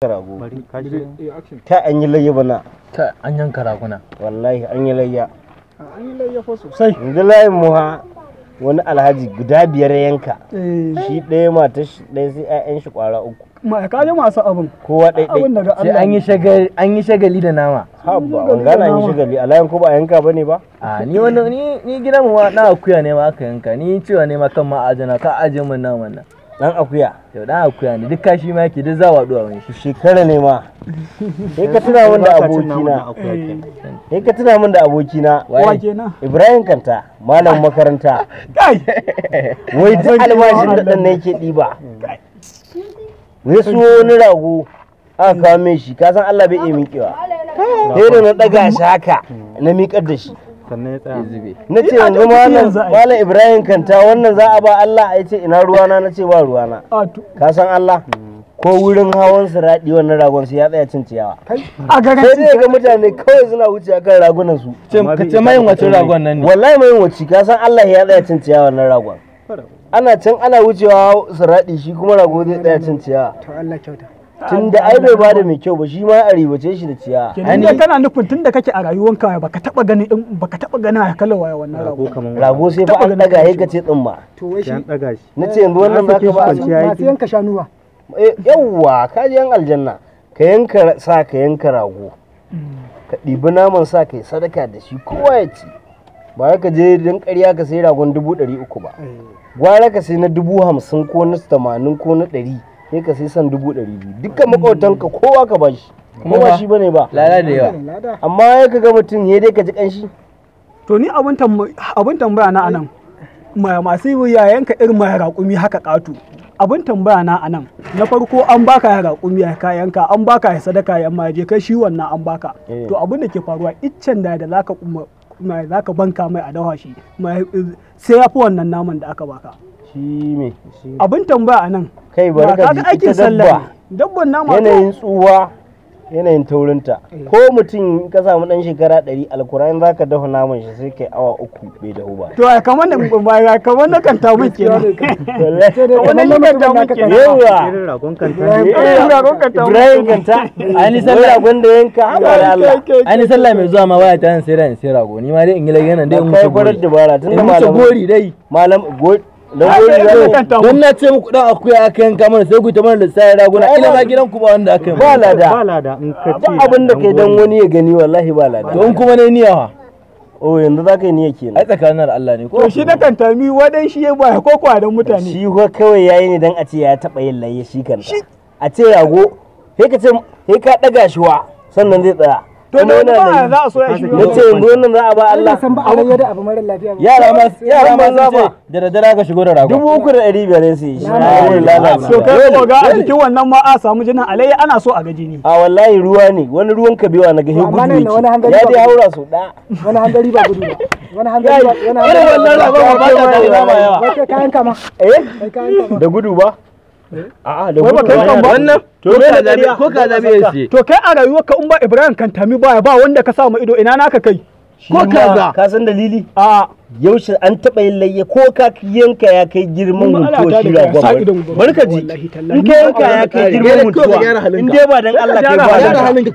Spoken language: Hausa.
rago eh, ta an yi layya bana ta an yanka raguna wallahi an yi layya ah, an yi layya fa sosai yanzu layin mu ha wani alhaji guda biyar yanka eh. shi ɗaya mata shi ɗaya sai ƴaƴan shi ƙwara uku ma ka ji masu abin kowa ɗai ɗai sai an yi shagali an yi shagali da nama habba an gana an yi shagali a layin ko ba yanka bane ba a ni wani ni gidan mu na akuya ne ma aka yanka ni cewa ne ma kan ma ajana ka aje mun naman nan dan akuya to dan akuya ne duk kashi ma yake duk wa duwa shi shekara ne ma sai ka tuna min da abokina sai ka tuna mun da abokina Ibrahim Kanta malam makaranta wai duk albashin da dan yake diba wai su wani rago aka kawo min shi ka san Allah bai iya miƙewa sai da na daga shi haka na miƙar da shi sannan ya tsaya na ce yanzu malam ibrahim kanta wannan za a ba allah a ce ina ruwana na ce ba ruwana ka san allah ko wurin hawan radi wannan ragon su ya tsaya cin ciyawa a garin sai ga mutane kawai suna wuce kan ragunan su ka ce mayin wacin ragon nan ne wallahi mayin waci ka san allah ya tsaya cin ciyawa wannan ragon ana can ana wucewa radi shi kuma rago zai tsaya cin ciyawa to allah kyauta tun da ai bai bada mai kyau ba shi ma a ribace shi da ciya ne kana nufin tun da kake a rayuwanka baka taba gani din baka taba gani a kala waya wannan rago rago sai fa an daga he kace din ma to wai shi an daga shi nace yanzu wannan ba ka ba ma sai yanka shanuwa eh, yawwa ka ji yan aljanna ka yanka sa ka yanka rago ka ɗibi naman sa ka yi sadaka da shi kowa ya ci ba ka je don ƙarya ka sai ragon dubu ɗari uku ba eh. gwara ka sai na dubu hamsin ko na tamanin ko na ɗari sai ka sai san dubu ɗari biyu dukkan makwabtanka kowa ka bashi kuma ba shi bane ba lada da yawa amma ya ka ga mutum ya dai ka ji kanshi to ni abin tambaya na anan masu ka irin mai raƙumi haka ƙato abin tambaya na anan na farko an baka ya raƙumi ya kayanka an baka ya sadaka ya ma je kai shi wannan an baka eh. to abin da ke faruwa iccen da da zaka zaka banka mai a dawa shi sai ya fi wannan naman da aka baka abin tambaya a nan kai bari ka aikin sallah dabban yanayin tsuwa yanayin taurinta eh. ko mutum ka samu dan shekara ɗari alkur'an za ka dafa naman shi sai kai awa uku bai dahu ba to ai kamar da ba kamar na kan ta muke ne kamar na kan ta muke ne yawa ragon kan ta ragon kan ta Ibrahim kan sallah eh. ragon da yanka haba da Allah ani sallah mai zuwa ma waya ta sai ragon sai rago ni ma dai in yi laganan dai in mutu gori dai malam gori don na ce muku dan akuya aka yanka mana sai ku ta mana lissafi raguna ina ma gidan ku ba wanda aka yi ba lada ba lada ka abin da kai dan wani ya gani wallahi ba lada to in kuma ne niyawa oh yanzu za ka yi niyyar kenan ai tsakanin Allah ne ko to shi da kan tami wadan shi ya baya ko kwa dan mutane shi ko kawai yayi ne dan a ce ya taba yin laye shi kanta a ce yago sai ka ce sai ka daga shi wa sannan zai tsaya to da wani ba za a so ya shi yace wannan za a ba Allah san ba da abu mara lafiya yara ma yara ma za ba da daddare ka shigo da rago dubu uku da ɗari biyar ne su to kai ko ga a cikin wannan ma a samu jinin alayya ana so a gaji ni a wallahi ruwa ne wani ruwan kabewa na gahe gudu yake ya dai haura su da wani hangari ba gudu ba wani hangari ba wani hangari ba ba ta da yawa da gudu ba A'a da kuma kai kan wannan to kai zabe ko ka zabe yace. To kai a rayuwar ka in ba Ibrahim kan tami baya ba wanda ka sa ma ido ina naka kai. Ko kaza. Ka san dalili? A'a. Yaushe an taɓa yin layya ko ka yanka ya kai girman mutuwa shi ga gwamnati. Barka ji. In ka yanka ya kai girman mutuwa. In dai ba dan Allah kai ba.